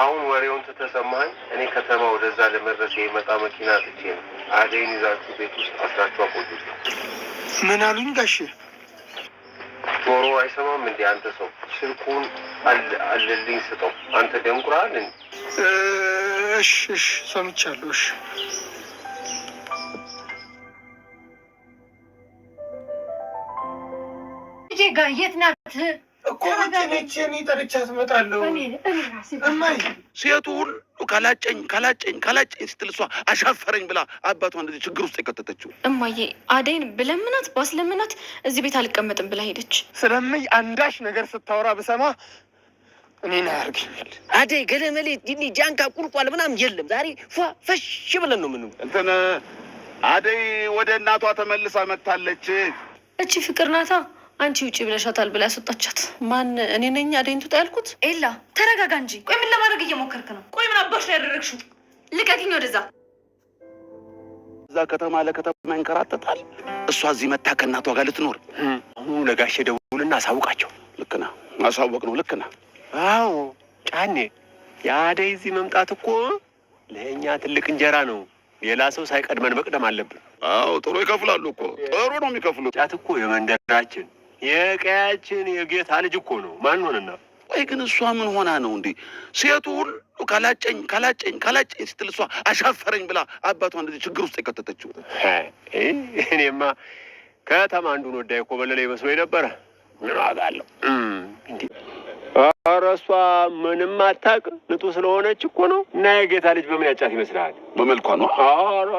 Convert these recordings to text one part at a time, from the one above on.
አሁን ወሬውን ተሰማኝ። እኔ ከተማ ወደዛ ለመድረስ የመጣ መኪና ጥቼ ነው። አደይን ይዛችሁ ቤት ውስጥ አስራችሁ አቆዩ። ምን አሉኝ ጋሽ? ጆሮ አይሰማም እንዲ አንተ ሰው? ስልኩን አለልኝ ስጠው። አንተ ደንቁራል እንዴ? እሽ እሽ፣ ሰምቻለሁ። እሽ ጋ የት ናት? እኮ መቼ እኔ ጠርቻት እመጣለሁ። እማዬ ሴቱ ሁሉ ካላጨኝ ካላጨኝ ካላጨኝ ስትል እሷ አሻፈረኝ ብላ አባቷ እንደዚህ ችግር ውስጥ የከተተችው። እማዬ አደይን ብለምናት ባስለምናት እዚህ ቤት አልቀመጥም ብላ ሄደች። ስለምይ አንዳች ነገር ስታወራ ብሰማ እኔን አያርገኛል። አደይ ገለመሌ ጃንካ ቁልቋል ምናምን የለም። ዛሬ ፏ ፈሽ ብለን ነው ምንም እንትን አደይ ወደ እናቷ ተመልሳ መታለች። እቺ ፍቅር ናታ አንቺ ውጭ ብለሻታል ብላ ያስወጣቻት ማን? እኔ ነኝ አደኝ ቱጣ ያልኩት። ኤላ ተረጋጋ እንጂ። ቆይ ምን ለማድረግ እየሞከርክ ነው? ቆይ ምን አባሽ ላይ ያደረግሽው? ልቀቂኝ ወደዛ። እዛ ከተማ ለከተማ ይንከራተታል። እሷ እዚህ መታ ከእናቷ ጋር ልትኖር። አሁኑ ለጋሼ ደውልና አሳውቃቸው። ልክ ነህ፣ ማሳወቅ ነው። ልክ ነህ። አዎ ጫኔ፣ የአደይ እዚህ መምጣት እኮ ለእኛ ትልቅ እንጀራ ነው። ሌላ ሰው ሳይቀድመን መቅደም አለብን። አዎ ጥሩ ይከፍላሉ እኮ ጥሩ ነው የሚከፍሉት። ጫት እኮ የመንደራችን የቀያችን የጌታ ልጅ እኮ ነው። ማን ሆነና? ቆይ ግን እሷ ምን ሆና ነው እንዴ? ሴቱ ሁሉ ካላጨኝ ካላጨኝ ካላጨኝ ስትል እሷ አሻፈረኝ ብላ አባቷ እንደዚህ ችግር ውስጥ የከተተችው። እኔማ ከተማ አንዱን ወዳ የኮበለለ ይመስሎኝ ነበረ። ምን ዋጋ አለው? ኧረ እሷ ምንም አታውቅ ንጡ ስለሆነች እኮ ነው። እና የጌታ ልጅ በምን ያጫት ይመስልሃል? በመልኳ ነው። ኧረ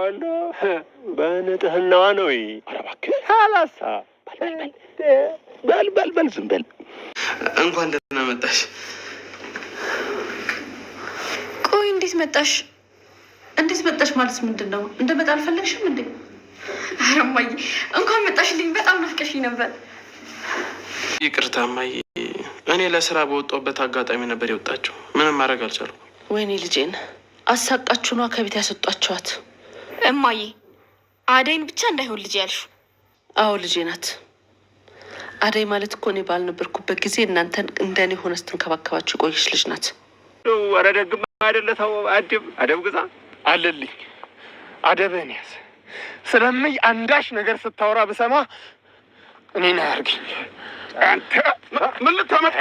በንጥህናዋ ነው። እባክህ አላሳ በል በል በል ዝም በል። እንኳን ደህና መጣሽ። ቆይ እንዴት መጣሽ? እንዴት መጣሽ ማለት ምንድን ነው? እንደመጣ አልፈለግሽም እንዴ? ኧረ እማዬ እንኳን መጣሽልኝ። በጣም ናፍቀሽኝ ነበር። ይቅርታ እማዬ፣ እኔ ለስራ በወጣሁበት አጋጣሚ ነበር የወጣችው። ምንም ማድረግ አልቻልኩም። ወይኔ ልጄን አሳቃችሁ ነዋ ከቤት ያስወጣችኋት። እማዬ አደይን ብቻ እንዳይሆን ልጄ ያልሽ አዎ ልጄ ናት። አደይ ማለት እኮ እኔ ባልነበርኩበት ጊዜ እናንተን እንደ እኔ ሆነ ስትንከባከባችሁ የቆየች ልጅ ናት። ኧረ ደግማ አይደለ ተው። አደብ አደብ ግዛ አለልኝ። አደብህን ያዝ። ስለምይ አንዳች ነገር ስታወራ ብሰማ እኔን አያርግኝ። ምን ልታመጣ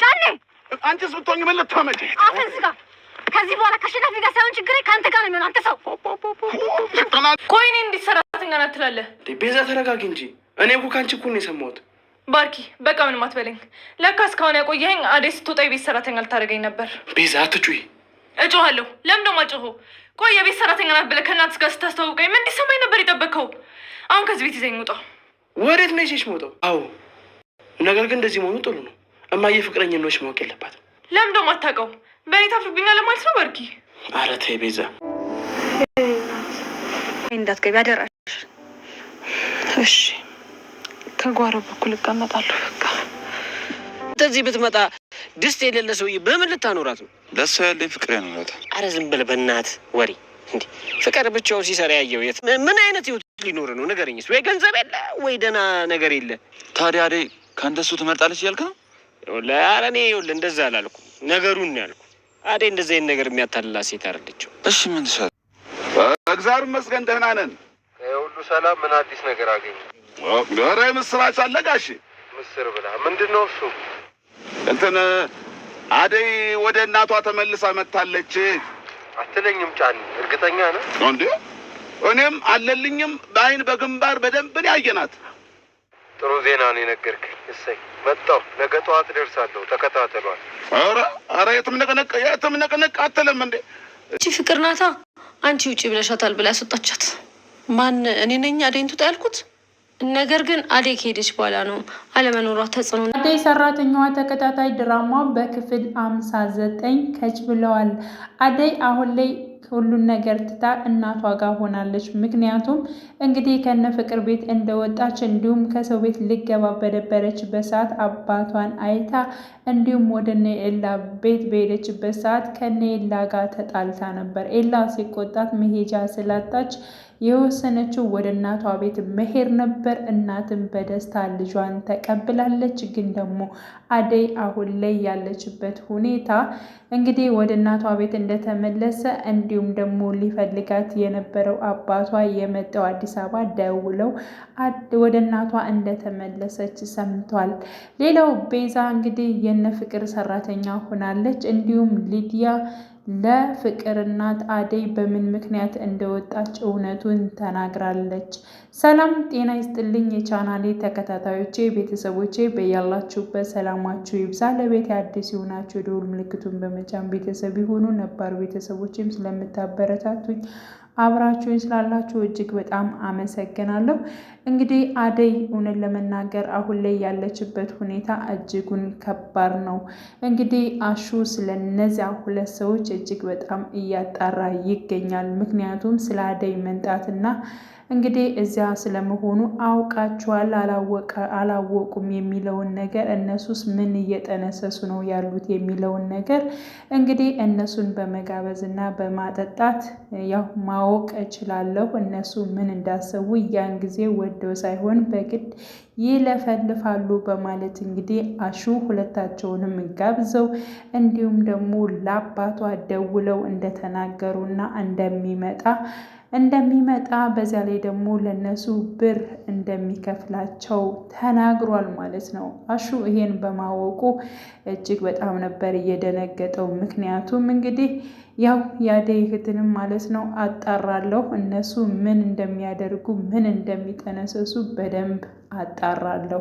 ጫኔ፣ አንቺስ ብትሆኚ ምን ልታመጪ? አፈን ስጋ ከዚህ በኋላ ከአሸናፊ ጋር ሳይሆን ችግሬ ከአንተ ጋር ነው የሚሆን። አንተ ሰው ቆይ እኔ እንዴት ሰራተኛ ናት ትላለህ? ቤዛ ተረጋጊ እንጂ እኔ እኮ ከአንቺ እኮ ነው የሰማሁት። ባርኪ በቃ ምንም አትበለኝ። ለካ እስካሁን ያቆየኸኝ አደይ ስትወጣ የቤት ሰራተኛ ልታደርገኝ ነበር። ቤዛ አትጩይ። እጮኋለሁ። ለምን ደግሞ አጮሁ? ቆይ የቤት ሰራተኛ ናት ብለህ ከእናትህ ጋር ስታስተዋውቀኝ ምን እንዲሰማኝ ነበር የጠበቅከው? አሁን ከዚህ ቤት ይዘኝ ውጣ። ወዴት ነው ይዘሽ መውጣው? አዎ ነገር ግን እንደዚህ መሆኑ ጥሩ ነው። እማዬ ፍቅረኛ ነች ማወቅ የለባትም። ለምን ደግሞ አታውቀው በእኔ ታፍብኛል ለማለት ነው። በርኪ ኧረ ተይ ቤዛ እንዳትገቢ አደራሽ። እሺ ከጓሮ በኩል እቀመጣለሁ። በቃ እንደዚህ ብትመጣ ድስት የሌለ ሰውዬ በምን ልታኖራት ነው? ለእሷ ያለኝ ፍቅር ያኖራት። አረ ዝም ብለህ በእናትህ ወሬ እንዲ ፍቅር ብቻውን ሲሰራ ያየው የት ምን አይነት ህይወት ሊኖር ነው? ንገረኝስ። ወይ ገንዘብ የለ ወይ ደህና ነገር የለ። ታዲያ አደይ ከእንደሱ ትመርጣለች እያልክ ነው? ኧረ እኔ ይኸውልህ እንደዛ አላልኩም፣ ነገሩን ያልኩ አዴ እንደዚህ አይነት ነገር የሚያታልላ ሴት አይደለችም። እሺ ምን ትሻል? እግዚአብሔር ይመስገን ደህና ነን። ሁሉ ሰላም። ምን አዲስ ነገር አገኘ? ኧረ ምስራች አለ ጋሼ። ምስር ብላ ምንድን ነው እሱ? እንትን አደይ ወደ እናቷ ተመልሳ መታለች? አትለኝም? ጫን እርግጠኛ ነህ እንዴ? እኔም አለልኝም በአይን በግንባር በደንብ ያየናት። ጥሩ ዜና ነው የነገርክኝ። እሰይ መጣሁ። ነገ ጠዋት ደርሳለሁ። ተከታተሏል። ኧረ ኧረ የትም ነቅነቅ የትም ነቅነቅ አትልም እንዴ? እቺ ፍቅር ናታ። አንቺ ውጪ ብለሻታል ብላ ያስወጣቻት ማን? እኔ ነኝ አደይን ትውጣ ያልኩት ነገር ግን አዴ ከሄደች በኋላ ነው አለመኖሯ ተጽዕኖ አደይ ሰራተኛዋ ተከታታይ ድራማ በክፍል አምሳ ዘጠኝ ከች ብለዋል። አደይ አሁን ላይ ሁሉን ነገር ትታ እናቷ ጋር ሆናለች። ምክንያቱም እንግዲህ ከነ ፍቅር ቤት እንደወጣች እንዲሁም ከሰው ቤት ልገባ በደበረችበት ሰዓት አባቷን አይታ እንዲሁም ወደ እነ ኤላ ቤት በሄደችበት ሰዓት ከነ ኤላ ጋር ተጣልታ ነበር። ኤላ ሲቆጣት መሄጃ ስላጣች የወሰነችው ወደ እናቷ ቤት መሄድ ነበር። እናትም በደስታ ልጇን ተቀብላለች። ግን ደግሞ አደይ አሁን ላይ ያለችበት ሁኔታ እንግዲህ ወደ እናቷ ቤት እንደተመለሰ እንዲሁም ደግሞ ሊፈልጋት የነበረው አባቷ የመጣው አዲስ አበባ ደውለው ወደ እናቷ እንደተመለሰች ሰምቷል። ሌላው ቤዛ እንግዲህ የነ ፍቅር ሰራተኛ ሆናለች። እንዲሁም ሊዲያ ለፍቅር እናት አደይ በምን ምክንያት እንደወጣች እውነቱን ተናግራለች። ሰላም ጤና ይስጥልኝ የቻናሌ ተከታታዮቼ ቤተሰቦቼ፣ በያላችሁበት ሰላማችሁ ይብዛ። ለቤት አዲስ የሆናችሁ የደወል ምልክቱን በመጫን ቤተሰብ የሆኑ ነባር ቤተሰቦችም ስለምታበረታቱኝ አብራችሁኝ ስላላችሁ እጅግ በጣም አመሰግናለሁ። እንግዲህ አደይ እውነት ለመናገር አሁን ላይ ያለችበት ሁኔታ እጅጉን ከባድ ነው። እንግዲህ አሹ ስለነዚያ ሁለት ሰዎች እጅግ በጣም እያጣራ ይገኛል። ምክንያቱም ስለ አደይ መንጣትና እንግዲህ እዚያ ስለመሆኑ አውቃቸዋል አላወቁም የሚለውን ነገር እነሱስ ምን እየጠነሰሱ ነው ያሉት የሚለውን ነገር እንግዲህ እነሱን በመጋበዝ እና በማጠጣት ያው ማወቅ እችላለሁ እነሱ ምን እንዳሰቡ ያን ጊዜ ወደው ሳይሆን በግድ ይለፈልፋሉ በማለት እንግዲህ አሹ ሁለታቸውንም ጋብዘው እንዲሁም ደግሞ ለአባቷ ደውለው እንደተናገሩና እንደሚመጣ እንደሚመጣ በዚያ ላይ ደግሞ ለነሱ ብር እንደሚከፍላቸው ተናግሯል ማለት ነው። አሹ ይሄን በማወቁ እጅግ በጣም ነበር እየደነገጠው። ምክንያቱም እንግዲህ ያው የአደይ እህትንም ማለት ነው አጣራለሁ። እነሱ ምን እንደሚያደርጉ ምን እንደሚጠነሰሱ በደንብ አጣራለሁ።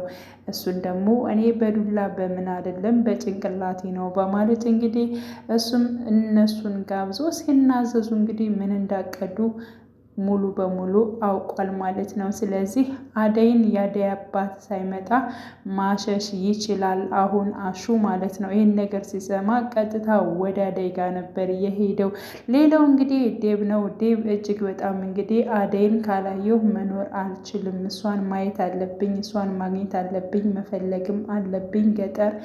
እሱን ደግሞ እኔ በዱላ በምን አይደለም በጭንቅላቴ ነው በማለት እንግዲህ እሱም እነሱን ጋብዞ ሲናዘዙ እንግዲህ ምን እንዳቀዱ ሙሉ በሙሉ አውቋል ማለት ነው። ስለዚህ አደይን የአደይ አባት ሳይመጣ ማሸሽ ይችላል አሁን አሹ ማለት ነው። ይህን ነገር ሲሰማ ቀጥታ ወደ አደይ ጋር ነበር የሄደው። ሌላው እንግዲህ ዴብ ነው። ዴብ እጅግ በጣም እንግዲህ አደይን ካላየሁ መኖር አልችልም፣ እሷን ማየት አለብኝ፣ እሷን ማግኘት አለብኝ፣ መፈለግም አለብኝ፣ ገጠር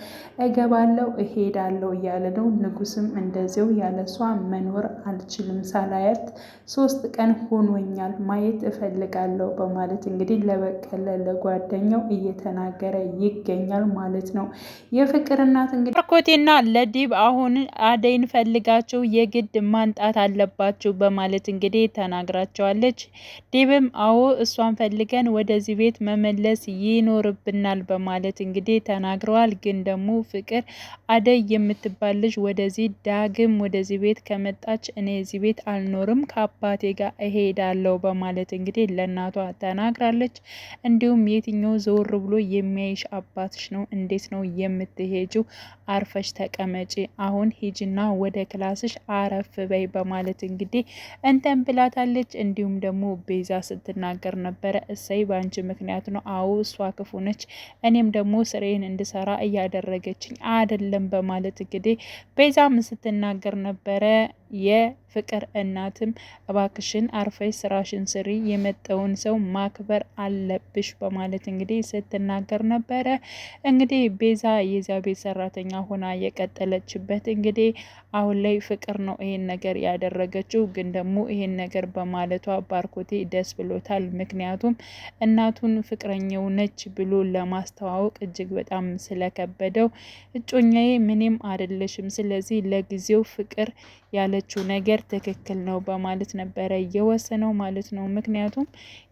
እገባለሁ፣ እሄዳለሁ እያለ ነው። ንጉስም እንደዚው ያለ እሷ መኖር አልችልም፣ ሳላያት ሶስት ቀን ሆኖኛል ማየት እፈልጋለሁ በማለት እንግዲህ ለበቀለ ለጓደኛው እየተናገረ ይገኛል ማለት ነው። የፍቅር እናት እንግዲህ ባርኮቴና ለዲብ አሁን አደይን ፈልጋችሁ የግድ ማንጣት አለባችሁ በማለት እንግዲህ ተናግራቸዋለች። ዲብም አዎ እሷን ፈልገን ወደዚህ ቤት መመለስ ይኖርብናል በማለት እንግዲህ ተናግረዋል። ግን ደግሞ ፍቅር አደይ የምትባል ልጅ ወደዚህ ዳግም ወደዚህ ቤት ከመጣች እኔ እዚህ ቤት አልኖርም ከአባቴ ጋር ይሄ እሄዳለሁ በማለት እንግዲህ ለእናቷ ተናግራለች። እንዲሁም የትኛው ዘወር ብሎ የሚያይሽ አባትሽ ነው? እንዴት ነው የምትሄጂው? አርፈሽ ተቀመጪ። አሁን ሂጂና ወደ ክላስሽ አረፍ በይ በማለት እንግዲህ እንተን ብላታለች። እንዲሁም ደግሞ ቤዛ ስትናገር ነበረ። እሰይ በአንቺ ምክንያት ነው። አዎ እሷ ክፉ ነች፣ እኔም ደግሞ ስሬን እንድሰራ እያደረገችኝ አይደለም በማለት እንግዲህ ቤዛም ስትናገር ነበረ። የፍቅር እናትም እባክሽን አርፈ አርፈሽ ስራሽን ስሪ፣ የመጣውን ሰው ማክበር አለብሽ በማለት እንግዲህ ስትናገር ነበረ። እንግዲህ ቤዛ የዚያ ቤት ሰራተኛ ሆና የቀጠለችበት እንግዲህ አሁን ላይ ፍቅር ነው ይሄን ነገር ያደረገችው። ግን ደግሞ ይሄን ነገር በማለቷ ባርኮቴ ደስ ብሎታል። ምክንያቱም እናቱን ፍቅረኛው ነች ብሎ ለማስተዋወቅ እጅግ በጣም ስለከበደው እጮኛዬ ምንም አይደለሽም፣ ስለዚህ ለጊዜው ፍቅር ያለችው ነገር ትክክል ነው በማለት ነበረ የወሰነው ማለት ነው። ምክንያቱም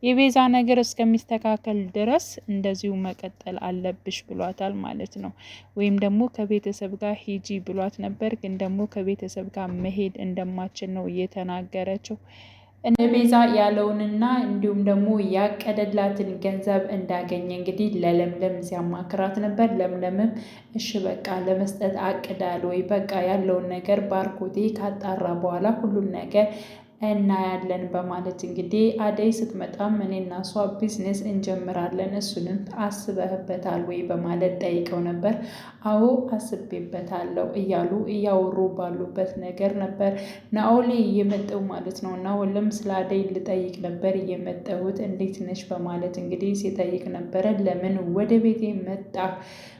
የቤዛ ነገር እስከሚስተካከል ድረስ እንደዚሁ መቀጠል አለብሽ ብሏታል ማለት ነው። ወይም ደግሞ ከቤተሰብ ጋር ሂጂ ብሏት ነበር፣ ግን ደግሞ ከቤተሰብ ጋር መሄድ እንደማችል ነው እየተናገረችው እነ ቤዛ ያለውንና እንዲሁም ደግሞ ያቀደላትን ገንዘብ እንዳገኘ እንግዲህ ለለምለም ሲያማክራት ነበር። ለምለምም እሺ በቃ ለመስጠት አቅዳል ወይ በቃ ያለውን ነገር ባርኮቴ ካጣራ በኋላ ሁሉን ነገር እናያለን በማለት እንግዲህ አደይ ስትመጣም እኔና እሷ ቢዝነስ እንጀምራለን እሱንም አስበህበታል ወይ በማለት ጠይቀው ነበር። አዎ አስቤበታለሁ እያሉ እያወሩ ባሉበት ነገር ነበር ናኦሊ እየመጠው ማለት ነው እና ወለም ስለ አደይ ልጠይቅ ነበር እየመጠሁት እንዴት ነሽ በማለት እንግዲህ ሲጠይቅ ነበረ። ለምን ወደ ቤቴ መጣ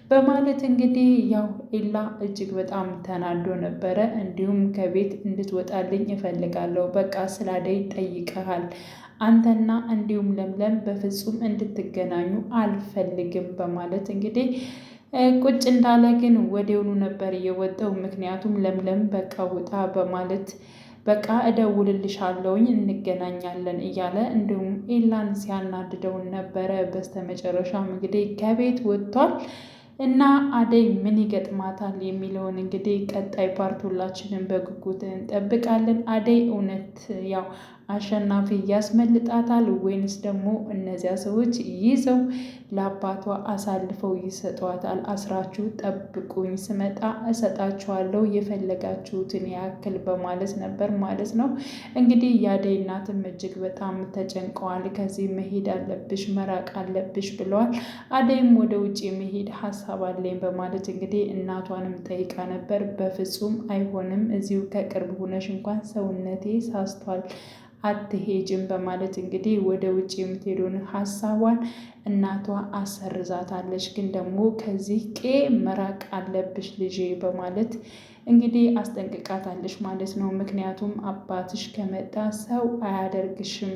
በማለት እንግዲህ ያው ኤላ እጅግ በጣም ተናዶ ነበረ። እንዲሁም ከቤት እንድትወጣልኝ እፈልጋለሁ። በቃ ስላደይ ጠይቀሃል። አንተና እንዲሁም ለምለም በፍጹም እንድትገናኙ አልፈልግም በማለት እንግዲህ ቁጭ እንዳለ ግን ወዲያውኑ ነበር የወጣው። ምክንያቱም ለምለም በቃ ውጣ በማለት በቃ እደውልልሻለሁኝ እንገናኛለን እያለ እንዲሁም ኤላን ሲያናድደውን ነበረ። በስተመጨረሻም እንግዲህ ከቤት ወጥቷል። እና አደይ ምን ይገጥማታል የሚለውን እንግዲህ ቀጣይ ፓርት ሁላችንም በጉጉት እንጠብቃለን። አደይ እውነት ያው አሸናፊ ያስመልጣታል ወይንስ ደግሞ እነዚያ ሰዎች ይዘው ለአባቷ አሳልፈው ይሰጧታል? አስራችሁ ጠብቁኝ፣ ስመጣ እሰጣችኋለሁ የፈለጋችሁትን ያክል በማለት ነበር ማለት ነው። እንግዲህ የአደይ እናትም እጅግ በጣም ተጨንቀዋል። ከዚህ መሄድ አለብሽ፣ መራቅ አለብሽ ብለዋል። አደይም ወደ ውጭ መሄድ ሀሳብ አለኝ በማለት እንግዲህ እናቷንም ጠይቃ ነበር። በፍጹም አይሆንም፣ እዚሁ ከቅርብ ሁነሽ እንኳን ሰውነቴ ሳስቷል አትሄጅም በማለት እንግዲህ ወደ ውጭ የምትሄዱን ሀሳቧን እናቷ አሰርዛታለች። ግን ደግሞ ከዚህ ቄ መራቅ አለብሽ ልጄ በማለት እንግዲህ አስጠንቅቃታለች ማለት ነው። ምክንያቱም አባትሽ ከመጣ ሰው አያደርግሽም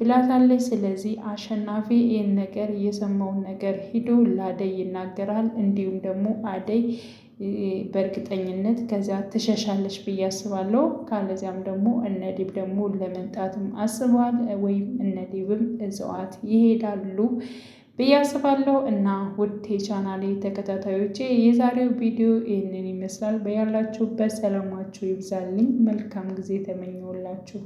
ብላታለች። ስለዚህ አሸናፊ ይህን ነገር የሰማውን ነገር ሂዶ ላደይ ይናገራል። እንዲሁም ደግሞ አደይ በእርግጠኝነት ከዚያ ትሸሻለች ብዬ አስባለሁ። ካለዚያም ደግሞ እነዲብ ደግሞ ለመምጣትም አስቧል ወይም እነዲብም እዘዋት ይሄዳሉ ብዬ አስባለሁ። እና ውድ የቻናሌ ተከታታዮቼ የዛሬው ቪዲዮ ይህንን ይመስላል። በያላችሁበት ሰላማችሁ ይብዛልኝ። መልካም ጊዜ ተመኘውላችሁ